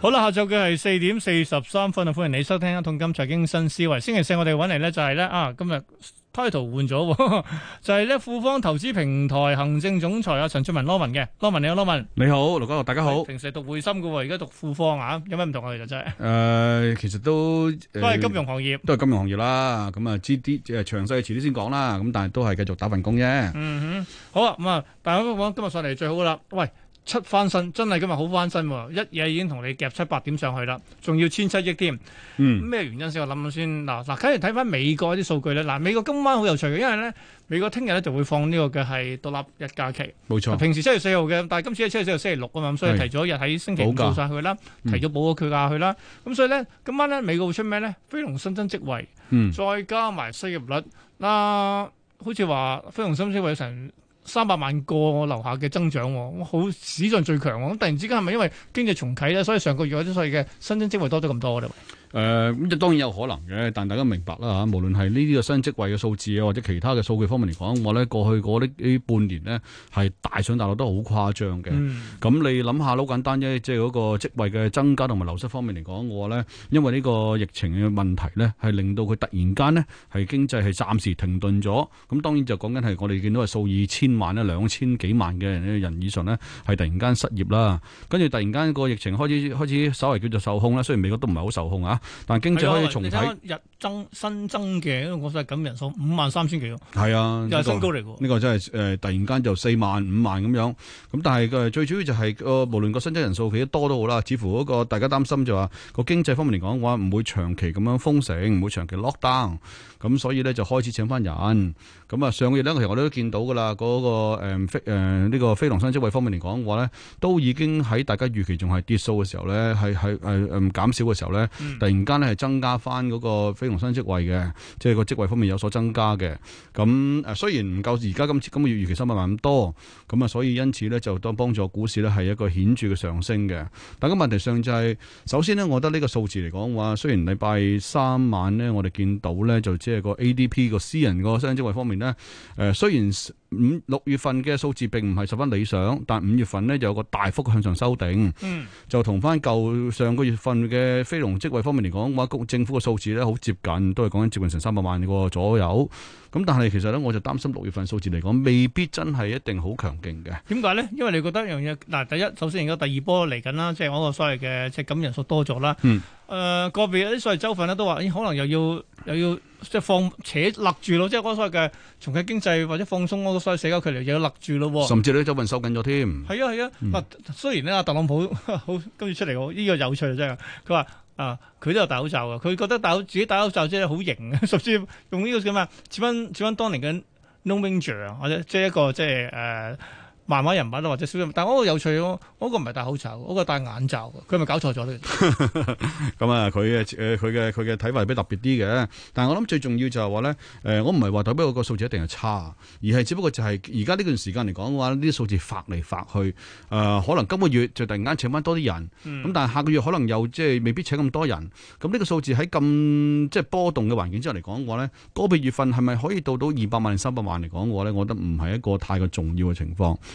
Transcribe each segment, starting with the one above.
好啦，下晝嘅係四點四十三分啊！歡迎你收聽《一桶金財經新思維》。星期四我哋揾嚟呢就係呢啊，今日 title 換咗，就係呢富方投資平台行政總裁啊陳俊文，羅文嘅羅文你好，羅文你好，羅哥大家好。平時讀匯心嘅喎，而家讀富方啊，有咩唔同啊？其實誒，其實都都係金融行業，都係金融行業啦。咁啊，知啲誒詳細，遲啲先講啦。咁但係都係繼續打份工啫。嗯哼，好啊，咁啊，大家不妨今日上嚟最好噶啦。喂。七翻身真係今日好翻身喎，一夜已經同你夾七八點上去啦，仲要千七億添。嗯，咩原因我想先？我諗諗先。嗱嗱，假如睇翻美國啲數據咧，嗱美國今晚好有趣嘅，因為咧美國聽日咧就會放呢、呢個嘅係獨立日假期。冇錯，平時七月四號嘅，但係今次咧七月四號星期六啊嘛，咁所以提早一日喺星期五做曬去啦，過提早補咗佢價去啦。咁、嗯、所以咧今晚咧美國會出咩咧？非農新增職位，嗯、再加埋失業率嗱、啊，好似話非農新增職位有成。三百萬個樓下嘅增長，好史上最強。咁突然之間係咪因為經濟重啟咧？所以上個月有啲所以嘅新增職位多咗咁多咧？誒，咁就，呃、當然有可能嘅，但大家明白啦嚇。無論係呢啲嘅新職位嘅數字啊，或者其他嘅數據方面嚟講，我咧過去嗰啲呢半年咧係大上大落都好誇張嘅。咁，嗯、你諗下，好簡單啫，即係嗰個職位嘅增加同埋流失方面嚟講，我話呢，因為呢個疫情嘅問題呢，係令到佢突然間呢，係經濟係暫時停頓咗。咁當然就講緊係我哋見到係數以千萬咧，兩千幾萬嘅人以上呢，係突然間失業啦。跟住突然間個疫情開始開始稍微叫做受控啦，雖然美國都唔係好受控啊。但經濟可以重啟。增新增嘅，我睇咁人數五萬三千幾喎，係啊，又係新高嚟喎。呢、這個這個真係誒、呃，突然間就四萬五萬咁樣。咁但係最主要就係、是、個、呃、無論個新增人數，幾多都好啦。似乎嗰個大家擔心就話、是、個經濟方面嚟講嘅話，唔會長期咁樣封城，唔會長期 lock down。咁所以咧就開始請翻人。咁啊，上個月咧其實我都見到㗎啦，嗰、那個誒呢、呃呃這個非農薪職位方面嚟講嘅話咧，都已經喺大家預期仲係跌數嘅時候咧，係係誒減少嘅時候咧，突然間咧係增加翻、那、嗰個新增職位嘅，即係個職位方面有所增加嘅。咁誒雖然唔夠而家今次今個月預期三百萬咁多，咁啊所以因此咧就當幫助股市咧係一個顯著嘅上升嘅。但係個問題上就係、是，首先咧我覺得呢個數字嚟講話，雖然禮拜三晚咧我哋見到咧就即係個 ADP 個私人個新增職位方面咧，誒雖然五六月份嘅數字並唔係十分理想，但五月份咧就有一個大幅向上修訂，嗯，就同翻舊上個月份嘅非農職位方面嚟講話，政府嘅數字咧好接近。近都係講緊接近成三百萬個左右，咁但係其實咧我就擔心六月份數字嚟講，未必真係一定好強勁嘅。點解咧？因為你覺得，樣嘢，嗱，第一，首先而家第二波嚟緊啦，即係嗰個所謂嘅赤字人數多咗啦。嗯。誒、呃，個別啲所謂州份呢都話，可能又要又要即係放扯勒住咯，即係嗰個所謂嘅重啟經濟或者放鬆嗰個所謂社交距離又要勒住咯。甚至你咧州份收緊咗添。係啊係啊，哇、啊！嗯、雖然呢，阿特朗普好今次出嚟，好、這、呢個有趣啊真係，佢話。啊！佢都有戴口罩嘅，佢覺得戴自己戴口罩真係好型啊！甚至用呢個叫咩啊？似翻似翻當年嘅 Nobinger 或者即係一個即係誒。漫畫人物或者少少。但嗰個有趣咯，嗰個唔係戴口罩，個、嗰個戴眼罩。佢係咪搞錯咗呢？咁啊，佢嘅佢嘅佢嘅睇法係比較特別啲嘅。但係我諗最重要就係話咧，我唔係話代表我個數字一定係差，而係只不過就係而家呢段時間嚟講嘅話，呢啲數字發嚟發去，呃，可能今個月就突然間請翻多啲人，咁但係下個月可能又即係未必請咁多人。咁呢個數字喺咁即係波動嘅環境之下嚟講嘅話咧，嗰個月份係咪可以到到二百萬三百萬嚟講嘅話咧，我覺得唔係一個太過重要嘅情況。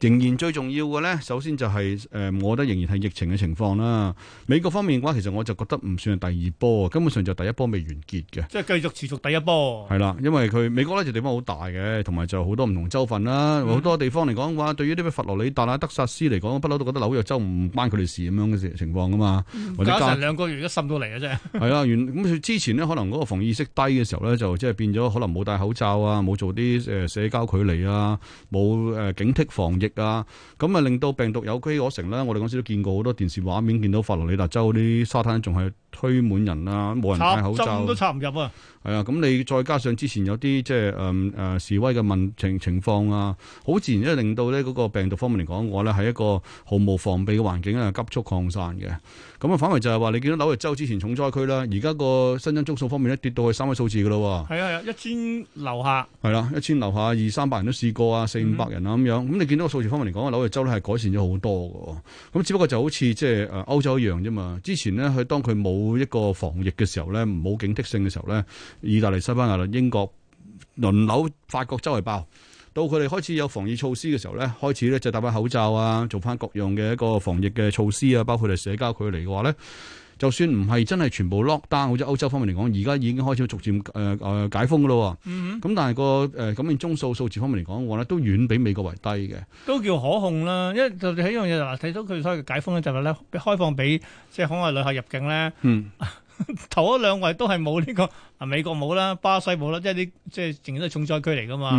仍然最重要嘅咧，首先就係、是呃、我覺得仍然係疫情嘅情況啦。美國方面嘅話，其實我就覺得唔算係第二波，根本上就第一波未完結嘅。即係繼續持續第一波。係啦，因為佢美國呢就地方好大嘅，同埋就好多唔同州份啦，好、嗯、多地方嚟講嘅話，對於啲佛羅里達啊、德薩斯嚟講，不嬲都覺得紐約州唔關佢哋事咁樣嘅情況況噶嘛。或者加成兩個月都滲到嚟嘅啫。係 啦，原咁佢之前呢，可能嗰個防疫意識低嘅時候咧，就即係變咗可能冇戴口罩啊，冇做啲社交距離啊，冇警惕防疫。啊！咁啊，令到病毒有機可乘咧。我哋嗰時都見過好多電視畫面，見到佛羅里達州啲沙灘仲係。推滿人啊，冇人戴口罩，插針都插唔入啊！係啊，咁你再加上之前有啲即係誒誒示威嘅問情情況啊，好自然因為，令到咧嗰個病毒方面嚟講嘅話咧，係一個毫無防備嘅環境啊，急速擴散嘅。咁啊，反為就係話你見到紐約州之前重災區啦，而家個新增宗數方面咧跌到去三位數字㗎咯喎。係啊，一千樓下。係啦，啊，一千樓下二三百人都試過啊，四五百人啊咁，嗯、樣。咁你見到個數字方面嚟講，紐約州咧係改善咗好多㗎。咁只不過就好似即係誒歐洲一樣啫嘛。之前咧佢當佢冇。每一個防疫嘅時候咧，冇警惕性嘅時候咧，意大利、西班牙、啦、英國輪流法國周圍爆。到佢哋開始有防疫措施嘅時候咧，開始咧就戴翻口罩啊，做翻各樣嘅一個防疫嘅措施啊，包括係社交距離嘅話咧。就算唔係真係全部 lock down，好似歐洲方面嚟講，而家已經開始逐漸誒誒解封噶咯。咁但係個誒咁樣宗數數字方面嚟講，我覺得都遠比美國為低嘅，都叫可控啦，因為就係呢樣嘢嗱，睇到佢所謂嘅解封咧，就係呢，開放俾即係海外旅客入境咧。頭一兩位都係冇呢個啊，美國冇啦，巴西冇啦，即係啲即係剩係重災區嚟噶嘛。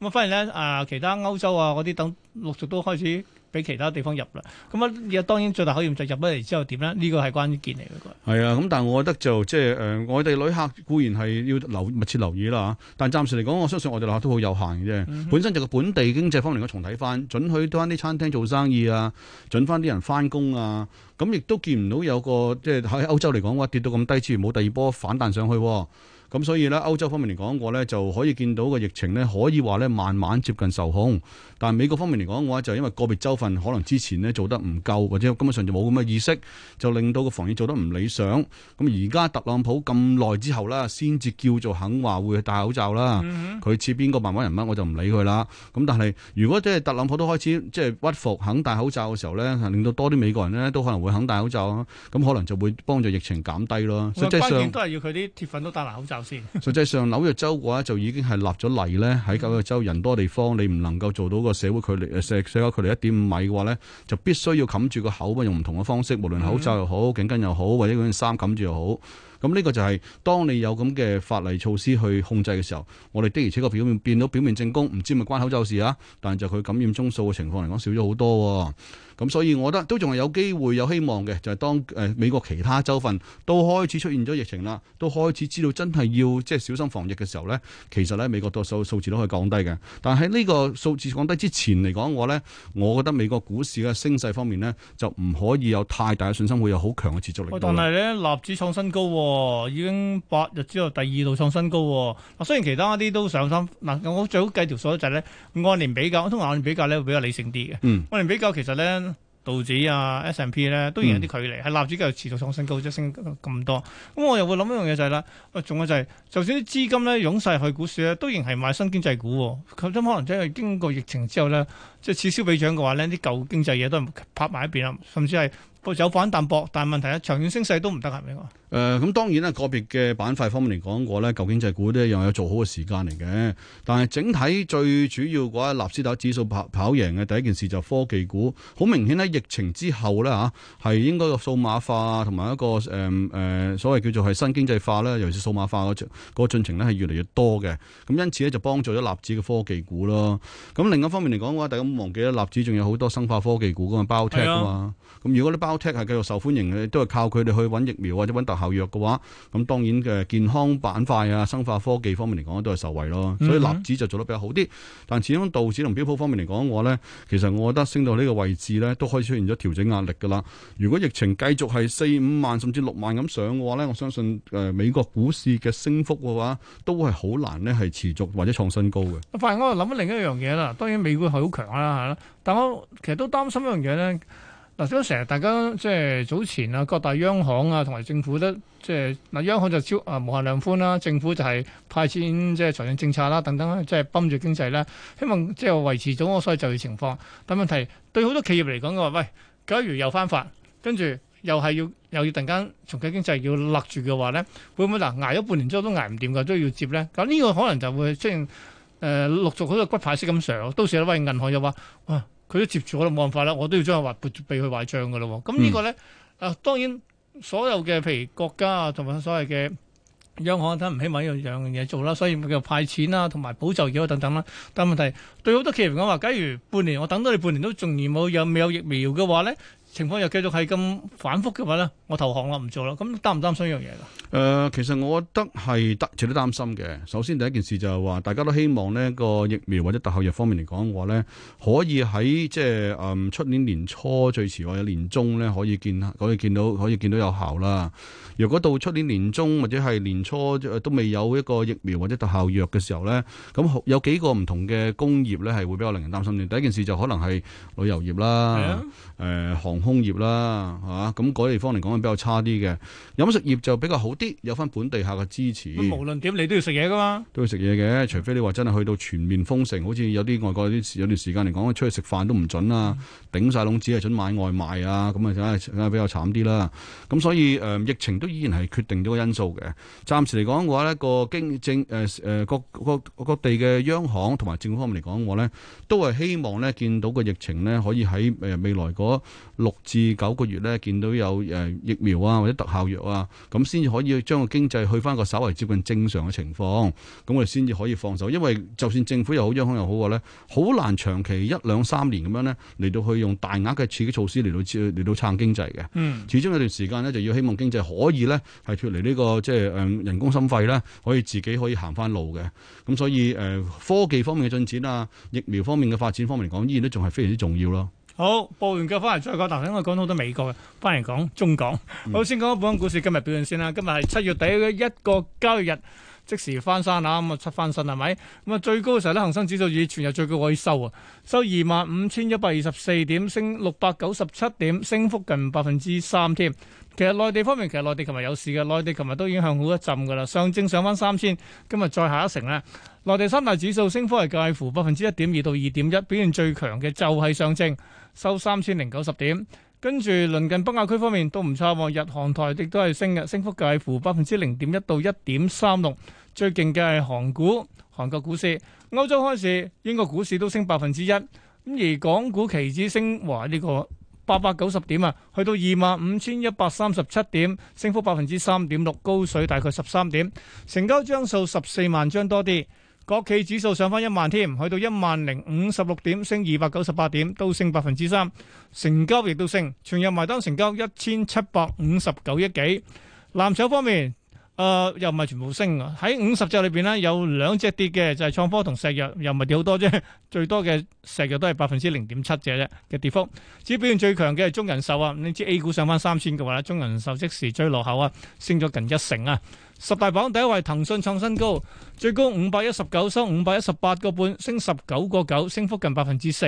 咁啊反而咧啊，其他歐洲啊嗰啲等陸續都開始。俾其他地方入啦，咁啊，而當然最大考驗就入咗嚟之後點咧？呢個係關鍵嚟嘅。係啊，咁但係我覺得就即係誒，外地旅客固然係要留密切留意啦嚇。但係暫時嚟講，我相信外地客都好有限嘅啫。嗯、哼本身就個本地經濟方面，我重睇翻，準許多啲餐廳做生意啊，準翻啲人翻工啊，咁亦都見唔到有個即係喺歐洲嚟講話跌到咁低，似乎冇第二波反彈上去，啊。咁所以咧，歐洲方面嚟講，我咧就可以見到個疫情咧，可以話咧慢慢接近受控。但係美國方面嚟講嘅話，就因為個別州份可能之前咧做得唔夠，或者根本上就冇咁嘅意識，就令到個防疫做得唔理想。咁而家特朗普咁耐之後啦，先至叫做肯話會戴口罩啦。佢似邊個漫畫人物我就唔理佢啦。咁但係如果即係特朗普都開始即係屈服，肯戴口罩嘅時候咧，令到多啲美國人咧都可能會肯戴口罩啊。咁可能就會幫助疫情減低咯。所以關鍵都係要佢啲鐵粉都戴埋口罩。實際上紐約州嘅話就已經係立咗例咧，喺紐約州人多地方，你唔能夠做到個社會距離、社社交距離一點五米嘅話咧，就必須要冚住個口啊，用唔同嘅方式，無論口罩又好，頸巾又好，或者嗰件衫冚住又好。咁呢個就係當你有咁嘅法例措施去控制嘅時候，我哋的而且確表面變到表面證供，唔知咪關口罩事啊？但係就佢感染宗數嘅情況嚟講，少咗好多。咁所以，我覺得都仲係有機會、有希望嘅，就係、誒、當美國其他州份都開始出現咗疫情啦，都開始知道真係要即係小心防疫嘅時候咧，其實咧美國多數數字都可以降低嘅。但喺呢個數字降低之前嚟講，我咧，我覺得美國股市嘅升勢方面咧，就唔可以有太大嘅信心，會有好強嘅持續力。但係咧，納指創新高、哦，已經八日之後第二度創新高、哦。喎。雖然其他啲都上心，嗱，我最好計條數就係、係、咧，按年比較，通常按年比較咧會比較理性啲嘅。嗯，按年比較其實咧。道指啊 S&P 咧都仍有啲距離，係納指繼續持續創新高，即係升咁多。咁我又會諗一樣嘢就係、是、啦，啊，仲有就係、是，就算啲資金咧湧晒去股市咧，都仍係買新經濟股、哦。頭先可能真、就、係、是、經過疫情之後咧，即、就、係、是、此消彼長嘅話咧，啲舊經濟嘢都係拍埋一邊啦，甚至係。有反淡薄，但係問題啊，長遠升勢都唔得係咪？誒，咁、呃、當然啦，個別嘅板塊方面嚟講過咧，舊經濟股咧，又有做好嘅時間嚟嘅。但係整體最主要嘅話，納斯達指數跑跑贏嘅第一件事就係科技股。好明顯咧，疫情之後咧嚇，係應該個數碼化同埋一個誒誒、呃呃、所謂叫做係新經濟化咧，尤其是數碼化嘅進個進程咧係越嚟越多嘅。咁因此咧就幫助咗納指嘅科技股咯。咁另一方面嚟講嘅話，大家唔忘記咧，納指仲有好多生化科技股噶嘛，包 BioNTech 嘛。咁如果啲 BioTech 係繼續受歡迎嘅，都係靠佢哋去揾疫苗或者揾特效藥嘅話，咁當然嘅健康板塊啊、生化科技方面嚟講都係受惠咯。所以納指就做得比較好啲。但始終道指同標普方面嚟講嘅話咧，其實我覺得升到呢個位置咧，都可以出現咗調整壓力噶啦。如果疫情繼續係四五萬甚至六萬咁上嘅話咧，我相信誒、呃、美國股市嘅升幅嘅話，都係好難咧係持續或者創新高嘅。我發現我又諗緊另一樣嘢啦，當然美國係好強啦吓，但我其實都擔心一樣嘢咧。嗱，咁成日大家即係早前啊，各大央行啊，同埋政府都即係嗱，央行就超啊無限量寬啦，政府就係派錢即係財政政策啦，等等啦，即係泵住經濟啦。希望即係維持咗我所謂就業情況。但問題對好多企業嚟講嘅話，喂，假如又翻發，跟住又係要又要突然間重啟經濟要勒住嘅話咧，會唔會嗱挨咗半年之後都挨唔掂㗎，都要接咧？咁呢個可能就會雖然誒陸續好多骨牌式咁上，到時咧，喂，銀行又話，哇！佢都接住我啦，冇辦法啦，我都要將佢話撥俾佢壞帳嘅咯喎。咁、嗯、呢個咧啊，當然所有嘅譬如國家啊、同埋所謂嘅央行睇唔起，咪要樣嘢做啦。所以佢又派錢啦，同埋保就業等等啦。但問題對好多企業嚟講話，假如半年我等到你半年都仲而冇有未有疫苗嘅話咧？情況又繼續係咁反覆嘅話咧，我投降啦，唔做啦。咁擔唔擔心呢樣嘢噶？誒、呃，其實我覺得係得，全都擔心嘅。首先第一件事就係、係、話，大家都希望呢、這個疫苗或者特效藥方面嚟講嘅話咧，可以喺即係誒出年年初最遲或者年中咧可以見可以見，可以見到可以見到有效啦。如果到出年年中或者係年初都未有一個疫苗或者特效藥嘅時候咧，咁有幾個唔同嘅工業咧係會比較令人擔心嘅。第一件事就係可能係旅遊業啦，誒空業啦，吓，咁嗰地方嚟講係比較差啲嘅，飲食業就比較好啲，有返本地客嘅支持。無論點你都要食嘢噶嘛，都要食嘢嘅，除非你話真係去到全面封城，好似有啲外國有段時間嚟講，出去食飯都唔准啊，頂晒籠只係准買外賣啊，咁啊梗梗係比較慘啲啦。咁所以誒、呃、疫情都依然係決定咗個因素嘅。暫時嚟講嘅話呢個經政誒誒各各各地嘅央行同埋政府方面嚟講嘅話呢都係希望呢見到個疫情呢可以喺誒、呃、未來嗰六六至九個月咧，見到有誒疫苗啊或者特效藥啊，咁先至可以將個經濟去翻個稍為接近正常嘅情況，咁我哋先至可以放手。因為就算政府又好，央行又好話咧，好難長期一兩三年咁樣咧嚟到去用大額嘅刺激措施嚟到嚟到撐經濟嘅。嗯，始終有段時間咧就要希望經濟可以咧係脫離呢個即係誒人工心肺咧，可以自己可以行翻路嘅。咁所以誒科技方面嘅進展啊，疫苗方面嘅發展方面嚟講，依然都仲係非常之重要咯。好，報完嘅，翻嚟再講，頭先我講咗好多美國嘅，翻嚟講中港。嗯、好，先講下本港股市今日表現先啦。今日係七月底嘅一個交易日，即時翻山啦，咁啊出翻身係咪？咁啊最高嘅時候咧，恒生指數已全日最高可以收啊，收二萬五千一百二十四點，升六百九十七點，升幅近百分之三添。其實內地方面，其實內地琴日有市嘅，內地琴日都已經向好一浸噶啦，上證上翻三千，今日再下一城咧。內地三大指數升幅係介乎百分之一點二到二點一，表現最強嘅就係上證，收三千零九十點。跟住鄰近北亞區方面都唔錯，日韓台亦都係升嘅，升幅介乎百分之零點一到一點三六。最勁嘅係韓股，韓國股市。歐洲開市，英國股市都升百分之一。咁而港股期指升華呢、這個八百九十點啊，去到二萬五千一百三十七點，升幅百分之三點六，高水大概十三點，成交張數十四萬張多啲。國企指數上翻一萬添，去到一萬零五十六點，升二百九十八點，都升百分之三。成交亦都升，全日埋單成交一千七百五十九億幾。藍籌方面，誒、呃、又唔係全部升啊，喺五十隻裏邊呢有兩隻跌嘅，就係、是、創科同石藥，又唔係跌好多啫。最多嘅石藥都係百分之零點七啫嘅跌幅。隻表現最強嘅係中人壽啊，你知 A 股上翻三千嘅話，中人壽即時追落後啊，升咗近一成啊。十大榜第一位騰訊創新高，最高五百一十九，收五百一十八個半，升十九個九，升幅近百分之四。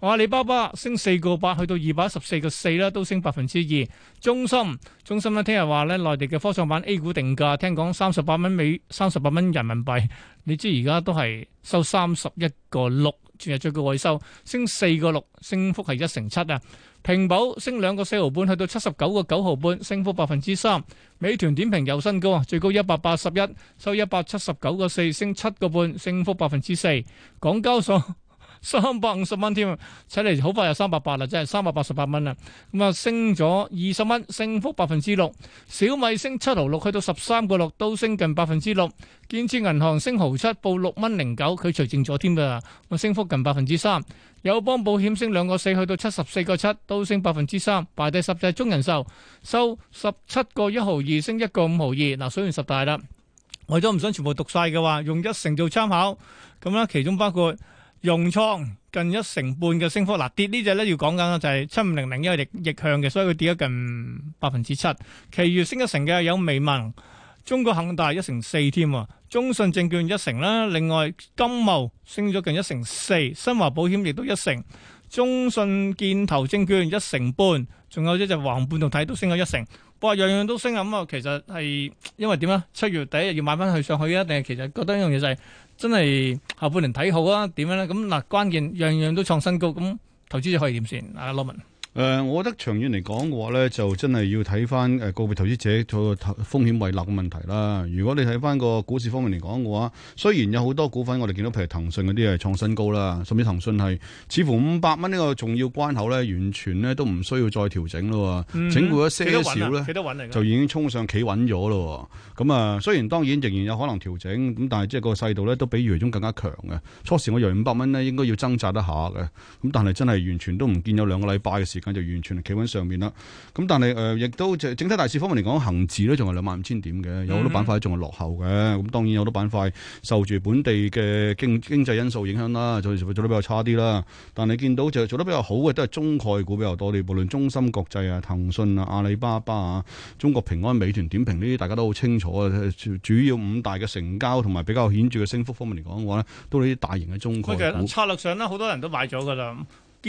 阿里巴巴升四個八，去到二百一十四個四啦，都升百分之二。中芯中芯咧，聽日話咧，內地嘅科創板 A 股定價，聽講三十八蚊美，三十八蚊人民幣，你知而家都係收三十一個六。全日最高外收升四個六，升, 6，升幅係一成七啊。平保升兩個四毫半，去到七十九個九毫半，升幅百分之三。美團點評又新高啊，最高一百八十一，收一百七十九個四，升七個半，升幅百分之四。港交所。三百五十蚊添啊！睇嚟好快，有三百八啦，真係三百八十八蚊啦。咁啊，升咗二十蚊，升幅百分之六。小米升七毫六，去到十三個六，都升近百分之六。建設銀行升毫七，報六蚊零九，佢除淨咗添㗎，咁升幅近百分之三。友邦保險升兩個四，去到七十四個七，都升百分之三。排第十就係中人壽，收十七個一毫二，升一個五毫二。嗱，數完十大啦，為咗唔想全部讀晒嘅話，用一成做參考咁啦，其中包括。融創近一成半嘅升幅，嗱、啊、跌隻呢隻咧要講緊就係七五零零，因為逆逆向嘅，所以佢跌咗近百分之七。其餘升一成嘅有微盟、中國恒大一成四添，中信證券一成啦，另外金茂升咗近一成四，新華保險亦都一成，中信建投證券一成半，仲有一隻黃半導體都升咗一成。不過樣樣都升啊，咁啊其實係因為點咧？七月底要買翻去上去啊，定係其實覺得呢樣嘢，就係真係下半年睇好啊？點樣咧？咁嗱，關鍵樣樣都創新高，咁投資者可以點先？啊，羅文。誒、呃，我覺得長遠嚟講嘅話咧，就真係要睇翻誒個別投資者個投風險為立嘅問題啦。如果你睇翻個股市方面嚟講嘅話，雖然有好多股份，我哋見到譬如騰訊嗰啲係創新高啦，甚至騰訊係似乎五百蚊呢個重要關口咧，完全咧都唔需要再調整啦喎、啊。嗯、哼整固一些少咧，啊啊、就已經衝上企穩咗咯。咁、嗯、啊，雖然當然仍然有可能調整，咁但係即係個勢度咧都比預期中更加強嘅。初時我以為五百蚊咧應該要掙扎一下嘅，咁但係真係完全都唔見有兩個禮拜嘅時。咁就完全係企穩上面啦。咁但係誒，亦、呃、都就整體大市方面嚟講，恒指咧仲係兩萬五千點嘅，有好多板塊仲係落後嘅。咁當然有好多板塊受住本地嘅經經濟因素影響啦，就做做得比較差啲啦。但係你見到就做得比較好嘅，都係中概股比較多啲。無論中芯國際啊、騰訊啊、阿里巴巴啊、中國平安、美團、點評呢啲，大家都好清楚嘅。主要五大嘅成交同埋比較顯著嘅升幅方面嚟講嘅話咧，都係啲大型嘅中概股。其實策略上咧，好多人都買咗㗎啦。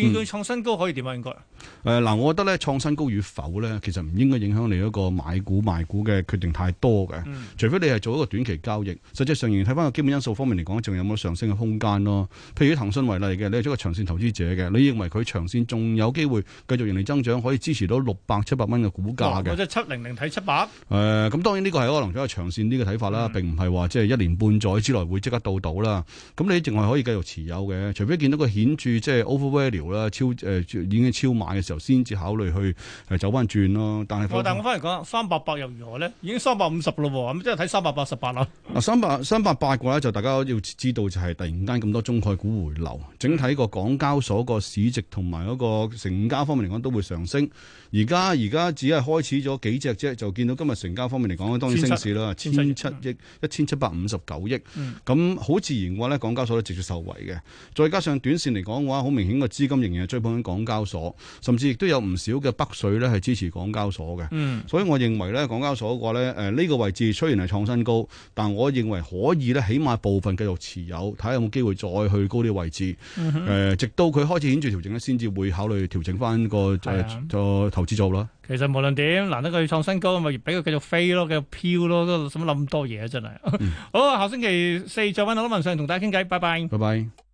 見佢創新高可以點啊？應該誒嗱，我覺得咧創新高與否咧，其實唔應該影響你一個買股賣股嘅決定太多嘅。嗯、除非你係做一個短期交易，實際上仍然睇翻個基本因素方面嚟講，仲有冇上升嘅空間咯？譬如以騰訊為例嘅，你係一個長線投資者嘅，你認為佢長線仲有機會繼續盈利增長，可以支持到六百七百蚊嘅股價嘅？或者七零零睇七百？誒、呃，咁、嗯嗯嗯、當然呢個係可能喺個長線呢個睇法啦，並唔係話即係一年半載之內會即刻到到啦。咁你仲係可以繼續持有嘅，除非見到一個顯著即係 over 啦，超誒、呃、已經超買嘅時候，先至考慮去誒、呃、走返轉咯。但係，但係我返嚟講三百八又如何咧？已經三百五十咯喎，咁即係睇三百八十八啦。啊，三百三百八嘅話就大家要知道，就係突然間咁多中概股回流，整體個港交所個市值同埋嗰個成交方面嚟講都會上升。而家而家只係開始咗幾隻啫，就見到今日成交方面嚟講咧，當然升市啦，千七億、嗯、一千七百五十九億。咁好、嗯、自然嘅話咧，港交所都直接受惠嘅。再加上短線嚟講嘅話，好明顯個資金仍然係追捧緊港交所，甚至亦都有唔少嘅北水咧係支持港交所嘅。嗯、所以，我認為咧，港交所嘅話咧，呢、這個位置雖然係創新高，但我認為可以咧，起碼部分繼續持有，睇下有冇機會再去高啲位置。嗯、哼直到佢開始顯著調整咧，先至會考慮調整翻個誒、嗯啊咯，做其實無論點，難得佢要創新高，咪俾佢繼續飛咯，繼續飄咯，都使乜諗咁多嘢啊！真係，嗯、 好啊，下星期四再我問我老文生同大家傾偈，拜拜，拜拜。